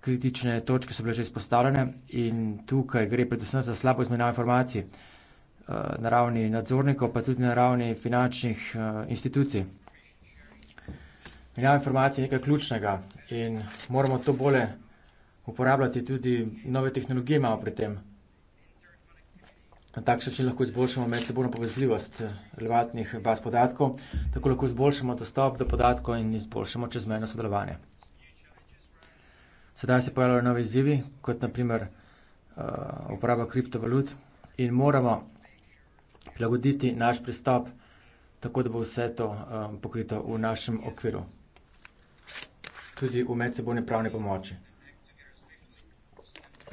Kritične točke so bile že izpostavljene in tukaj gre predvsem za slabo izmenjavo informacij eh, na ravni nadzornikov, pa tudi na ravni finančnih eh, institucij. Menjava informacij je nekaj ključnega in moramo to bolje uporabljati tudi nove tehnologije imamo pri tem. Na tak način lahko izboljšamo medsebojno povezljivost eh, relevantnih baz podatkov, tako lahko izboljšamo dostop do podatkov in izboljšamo čezmejno sodelovanje. Sedaj se pojavljajo nove izzivi, kot naprimer uh, eh, uporaba kriptovalut in moramo prilagoditi naš pristop, tako da bo vse to um, pokrito v našem okviru, tudi v medsebojni pravni pomoči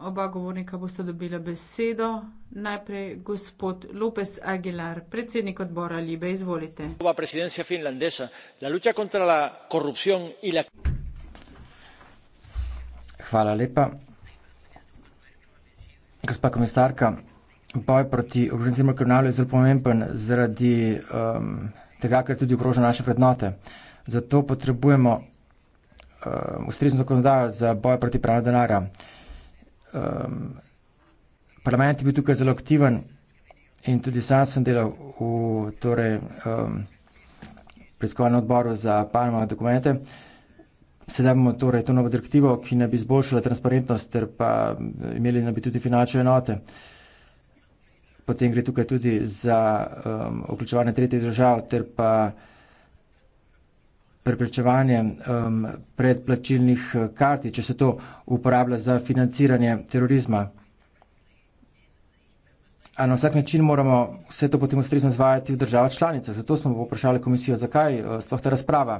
Oba govornika boste dobila besedo. Najprej gospod López Aguilar, predsednik odbora Libe, izvolite. Ova presidencija finlandesa, la lucha contra la corrupción y la... Hvala lepa. Gospa komisarka, boj proti organiziranemu kriminalu je zelo pomemben zaradi um, tega, ker tudi ogroža naše vrednote. Zato potrebujemo uh, ustrezno zakonodajo za boj proti pranju denarja um, parlament je bil tukaj zelo aktiven in tudi sam sem delal v torej, um, ehm, predskovanem odboru za Panama dokumente. Sedaj bomo torej to novo direktivo, ki ne bi zboljšala transparentnost, ter pa imeli ne bi tudi finančne enote. Potem gre tukaj tudi za um, vključevanje tretjih držav, ter pa preprečevanje um, predplačilnih eh, kartic, če se to uporablja za financiranje terorizma. A na vsak način moramo vse to potem ustrezno izvajati v državah članicah. Zato smo poprašali komisijo, zakaj uh, sploh ta razprava.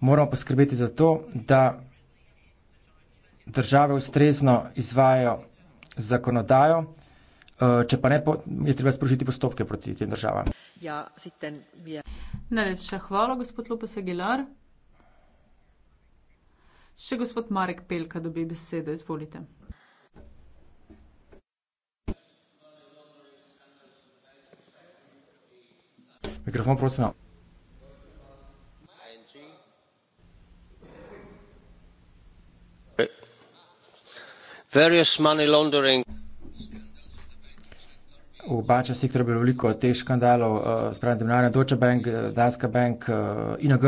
Moramo poskrbeti za to, da države ustrezno izvajajo zakonodajo, Eh, če pa ne, je treba sprožiti postopke proti tem državam. Ja, Najlepša hvala, gospod Lopes Aguilar. Še gospod Marek Pelka dobi besedo, izvolite. Mikrofon, prosim. Ja. Various money laundering v bančnem sektorju bilo veliko teh škandalov, uh, eh, spravim, da je Deutsche Bank, eh, Danska Bank, uh, eh, ING,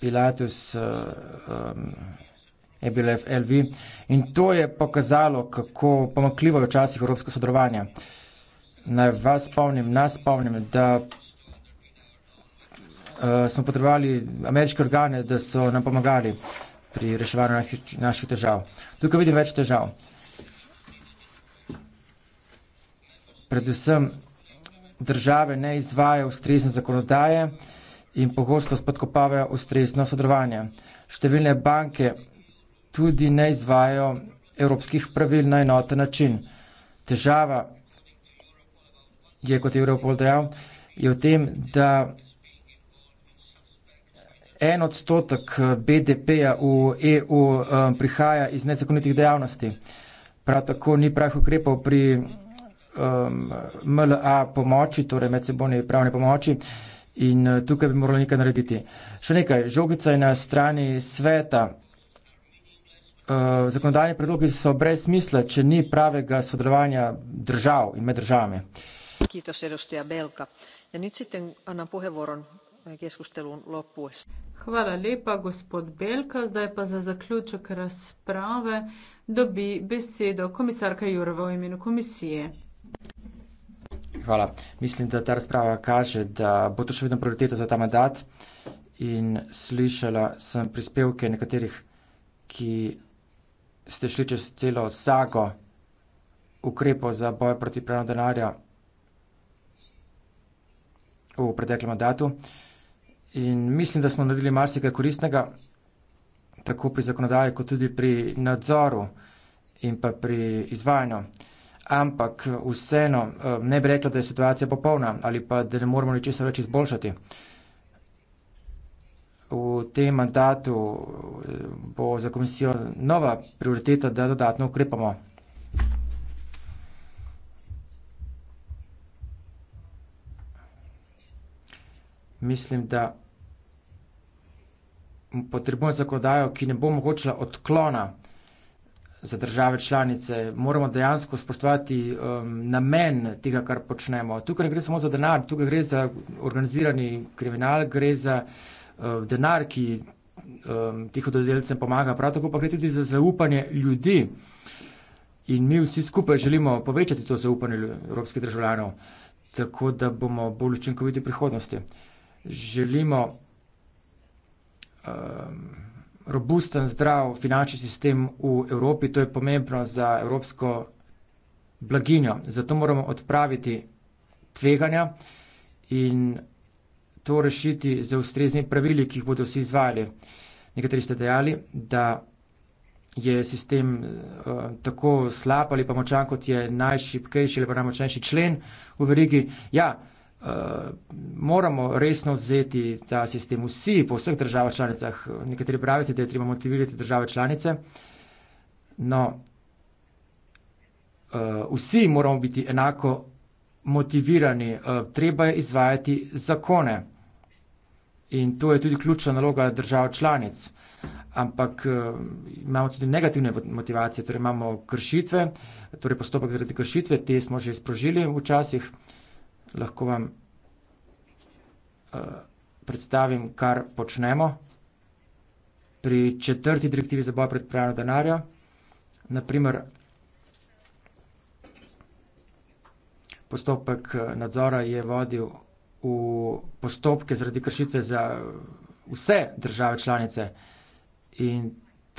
Pilatus, uh, um, EBLF, LV. In to je pokazalo, kako pomakljivo je včasih evropsko sodelovanje. Naj vas spomnim, nas spomnim, da uh, smo potrebovali ameriške organe, da so nam pomagali pri reševanju naših, naših težav. Tukaj vidim več težav. predvsem države ne izvajajo ustrezne zakonodaje in pogosto spodkopavajo ustrezno sodelovanje. Številne banke tudi ne izvajajo evropskih pravil na enoten način. Težava je, kot je Evropol dejal, je v tem, da en odstotek BDP-ja v EU eh, prihaja iz nezakonitih dejavnosti. Prav tako ni pravih ukrepov pri um, MLA pomoči, torej medsebojne pravne pomoči. In uh, tukaj bi moralo nekaj narediti. Še nekaj, žogica je na strani sveta. Uh, zakonodajni predlogi so brez smisla, če ni pravega sodelovanja držav in med državami. Ja äh, Hvala lepa, gospod Belka. Zdaj pa za zaključek razprave dobi besedo komisarka Jurova v imenu komisije. Hvala. Mislim, da ta razprava kaže, da bo to še vedno prioriteta za ta mandat in slišala sem prispevke nekaterih, ki ste šli čez celo sago ukrepov za boj proti pranju denarja v preteklem mandatu. In mislim, da smo naredili marsikaj koristnega, tako pri zakonodaji, kot tudi pri nadzoru in pa pri izvajanju ampak eh, vseeno eh, ne bi rekla, da je situacija popolna ali pa da ne moramo ničesar več izboljšati. V tem mandatu eh, bo za komisijo nova prioriteta, da dodatno ukrepamo. Mislim, da potrebujem zakonodajo, ki ne bo mogočila odklona za države članice, moramo dejansko spoštovati um, namen tega, kar počnemo. Tukaj ne gre samo za denar, tukaj gre za organizirani kriminal, gre za uh, denar, ki um, tih oddelcem pomaga, prav tako pa gre tudi za zaupanje ljudi. In mi vsi skupaj želimo povečati to zaupanje evropskih državljanov, tako da bomo bolj učinkoviti v prihodnosti. Želimo. Um, robusten, zdrav finančni sistem v Evropi, to je pomembno za evropsko blaginjo. Zato moramo odpraviti tveganja in to rešiti z ustreznimi pravili, ki jih bodo vsi izvajali. Nekateri ste dejali, da je sistem uh, tako slab ali pa močan, kot je najšipkejši ali pa najmočnejši člen v verigi. Ja, uh, uh, moramo resno vzeti ta sistem. Vsi po vseh državah članicah, nekateri pravite, da je treba motivirati države članice, no uh, vsi moramo biti enako motivirani, uh, treba je izvajati zakone. In to je tudi ključna naloga držav članic. Ampak uh, imamo tudi negativne motivacije, torej imamo kršitve, torej postopek zaradi kršitve, te smo že sprožili včasih. Uh, lahko vam uh, predstavim, kar počnemo. Pri četrti direktivi za boj pred pranjem denarja, naprimer, postopek eh, nadzora je vodil v postopke zaradi kršitve za vse države članice in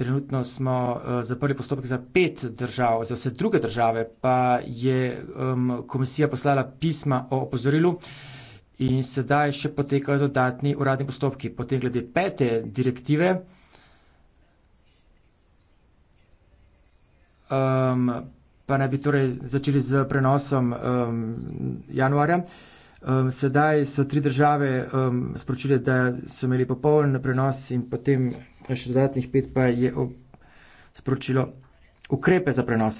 Trenutno smo uh, zaprli postopek za pet držav, za vse druge države pa je um, komisija poslala pisma o opozorilu in sedaj še potekajo dodatni uradni postopki. Potem glede pete direktive um, pa naj bi torej začeli z prenosom um, januarja. Uh, Um, sedaj so tri države um, sporočile, da so imeli popoln prenos in potem eh, še dodatnih pet pa je sporočilo ukrepe za prenos.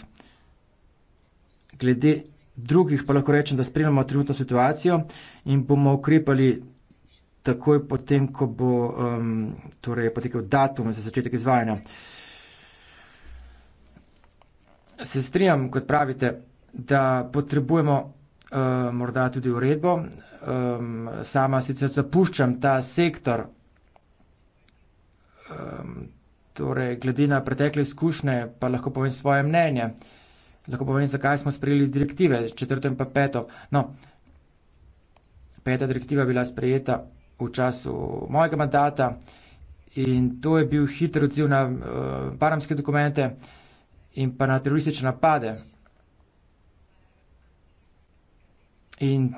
Glede drugih pa lahko rečem, da spremljamo trenutno situacijo in bomo ukrepali takoj potem, ko bo um, torej potekel datum za začetek izvajanja. Se strijam, kot pravite, da potrebujemo Eh, morda tudi uredbo. Um, sama sicer zapuščam ta sektor. Um, torej, glede na pretekle izkušnje, pa lahko povem svoje mnenje. Lahko povem, zakaj smo sprejeli direktive, četrto in pa peto. No, peta direktiva je bila sprejeta v času mojega mandata in to je bil hiter odziv na uh, eh, paramske dokumente in pa na teroristične napade. In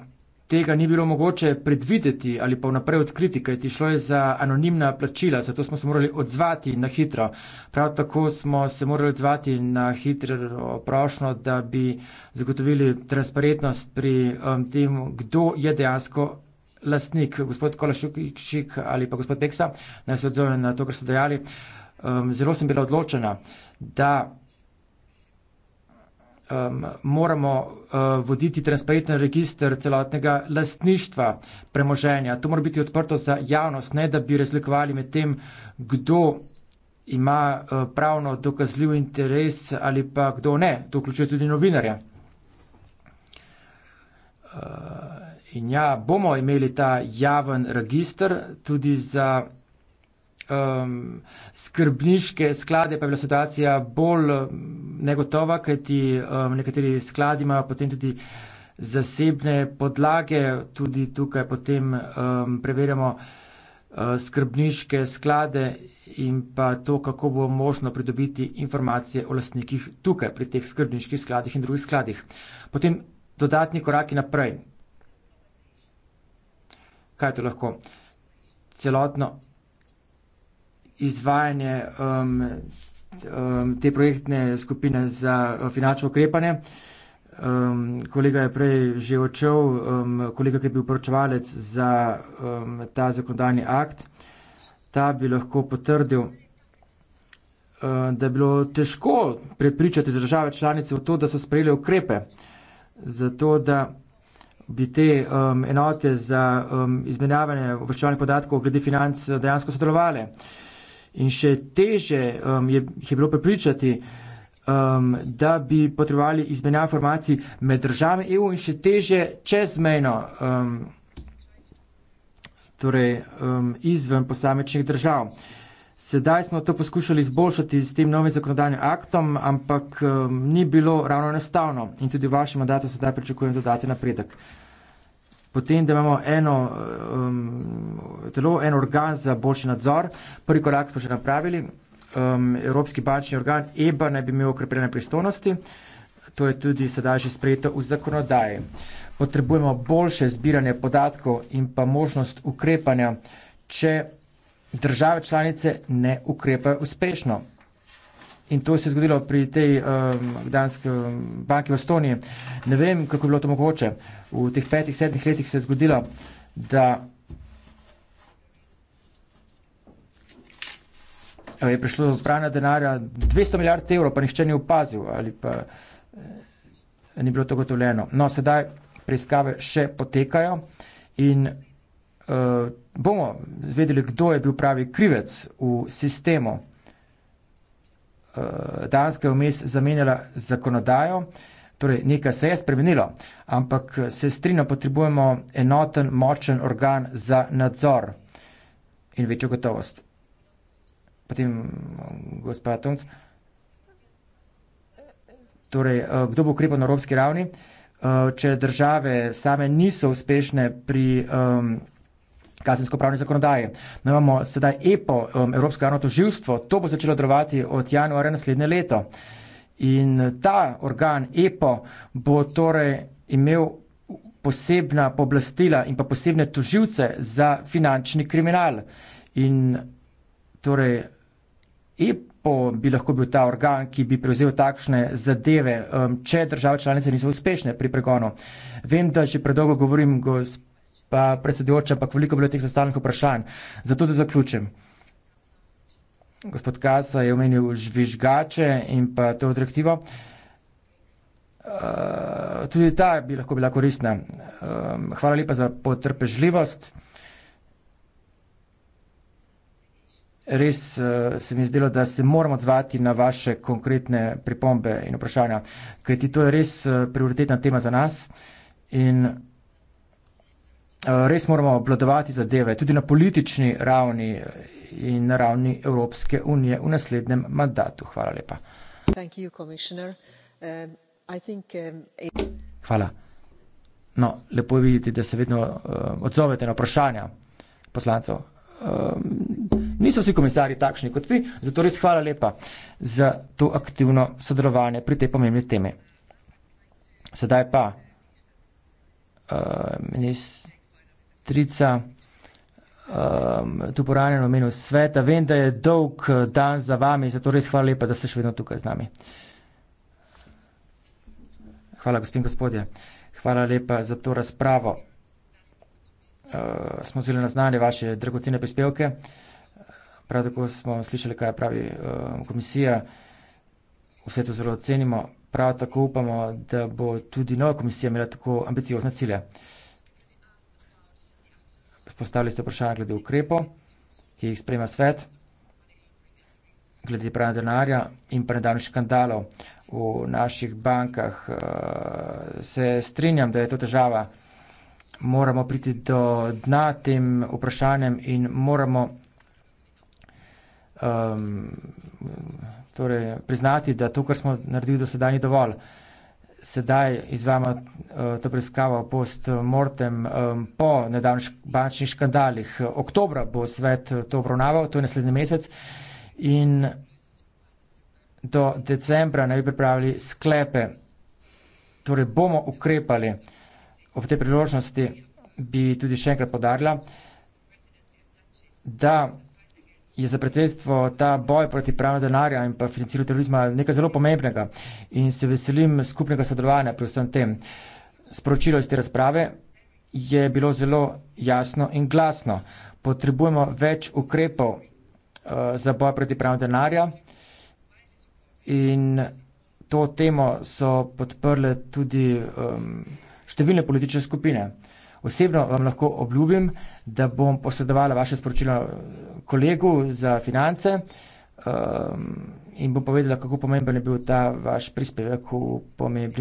tega ni bilo mogoče predvideti ali pa vnaprej odkriti, kaj ti šlo je za anonimna plačila, zato smo se morali odzvati na hitro. Prav tako smo se morali odzvati na hitro prošlo, da bi zagotovili transparentnost pri um, tem, kdo je dejansko lastnik, gospod Kolašukšik ali pa gospod Peksa, naj se odzove na to, kar ste dejali. Um, zelo sem bila odločena, da um, moramo uh, voditi transparenten registr celotnega lastništva premoženja. To mora biti odprto za javnost, ne da bi razlikovali med tem, kdo ima uh, pravno dokazljiv interes ali pa kdo ne. To vključuje tudi novinarja. Uh, eh, in ja, bomo imeli ta javen registr tudi za um, skrbniške sklade, pa je bila situacija bolj um, negotova, kajti um, nekateri skladi imajo potem tudi zasebne podlage, tudi tukaj potem um, preverjamo uh, skrbniške sklade in pa to, kako bo možno pridobiti informacije o lasnikih tukaj pri teh skrbniških skladih in drugih skladih. Potem dodatni koraki naprej. Kaj je to lahko? Celotno izvajanje um, um, te projektne skupine za uh, finančno ukrepanje. Um, kolega je prej že očel, um, kolega, ki je bil poročevalec za um, ta zakonodajni akt, ta bi lahko potrdil, um, da je bilo težko prepričati države članice v to, da so sprejeli ukrepe, zato da bi te um, enote za um, izmenjavanje obveščevalnih podatkov glede financ dejansko sodelovali. Uh, in še teže um, je, je bilo prepričati, um, da bi potrebovali izmenjav informacij med državami EU in še teže čezmejno, um, torej um, izven posamečnih držav. Sedaj smo to poskušali izboljšati s tem novim zakonodajnim aktom, ampak um, ni bilo ravno enostavno in tudi v vašem mandatu sedaj pričakujem dodati napredek potem, da imamo eno um, telo, en organ za boljši nadzor. Prvi korak smo že napravili, um, Evropski bančni organ EBA naj bi imel okrepljene pristojnosti, to je tudi sedaj že sprejeto v zakonodaji. Potrebujemo boljše zbiranje podatkov in pa možnost ukrepanja, če države članice ne ukrepajo uspešno. In to se je zgodilo pri tej um, danski um, banki v Estoniji. Ne vem, kako je bilo to mogoče. V teh petih, sedmih letih se je zgodilo, da je prišlo do pranja denarja 200 milijard evrov, pa nihče ni opazil ali pa eh, ni bilo to gotovljeno. No, sedaj preiskave še potekajo in uh, bomo zvedeli, kdo je bil pravi krivec v sistemu. Eh, Danska je vmes zamenjala zakonodajo, torej nekaj se je spremenilo, ampak eh, se strinjamo, potrebujemo enoten, močen organ za nadzor in večjo gotovost. Potem, gospod Tomc, torej, eh, kdo bo ukrepal na evropski ravni, če države same niso uspešne pri. Um, kazensko-pravne zakonodaje. No, imamo sedaj EPO, um, Evropsko javno toživstvo, to bo začelo drvati od januarja naslednje leto. In ta organ EPO bo torej imel posebna poblastila in pa posebne toživce za finančni kriminal. In torej EPO bi lahko bil ta organ, ki bi prevzel takšne zadeve, um, če države članice niso uspešne pri pregonu. Vem, da že predolgo govorim, gospod pa predsedujoča, ampak veliko bilo teh zastavljenih vprašanj. Zato da zaključim. Gospod Kasa je omenil žvižgače in pa to direktivo. Uh, tudi ta bi lahko bila koristna. Um, hvala lepa za potrpežljivost. Res uh, se mi je zdelo, da se moramo odzvati na vaše konkretne pripombe in vprašanja, kajti to je res uh, prioritetna tema za nas. In Eh, res moramo obladovati zadeve tudi na politični ravni eh, in na ravni Evropske unije v naslednjem mandatu. Hvala lepa. Um, um, hvala. No, lepo je videti, da se vedno uh, odzovete na vprašanja poslancev. Um, niso vsi komisari takšni kot vi, zato res hvala lepa za to aktivno sodelovanje pri tej pomembni temi. Sedaj pa uh, minister trica, um, tu poranjeno menu sveta. Vem, da je dolg eh, dan za vami, zato res hvala lepa, da ste še vedno tukaj z nami. Hvala, gospod gospodje. Hvala lepa za to razpravo. Uh, smo zelo naznali vaše dragocene prispevke. Prav tako smo slišali, kaj pravi uh, komisija. Vse to zelo ocenimo. Prav tako upamo, da bo tudi nova komisija imela tako ambiciozne cilje. Uh, Postavili ste vprašanje glede ukrepov, ki jih sprejema svet, glede pranja denarja in prenedavnih škandalov v naših bankah. Eh, se strinjam, da je to težava. Moramo priti do dna tem vprašanjem in moramo um, torej, priznati, da to, kar smo naredili do sedaj, ni dovolj sedaj izvama eh, to preiskavo post mortem eh, po nedavnih bančnih škandalih. Oktobra bo svet eh, to obravnaval, to je naslednji mesec. In do decembra naj bi pripravili sklepe, torej bomo ukrepali. Ob tej priložnosti bi tudi še enkrat podarila, da je za predsedstvo ta boj proti pranju denarja in pa financiranju terorizma nekaj zelo pomembnega in se veselim skupnega sodelovanja pri vsem tem. Sporočilo iz te razprave je bilo zelo jasno in glasno. Potrebujemo več ukrepov uh, za boj proti pranju denarja in to temo so podprle tudi um, številne politične skupine. Osebno vam lahko obljubim, da bom posredovala vaše sporočilo kolegu za finance um, in bom povedala, kako pomemben je bil ta vaš prispevek v pomembni.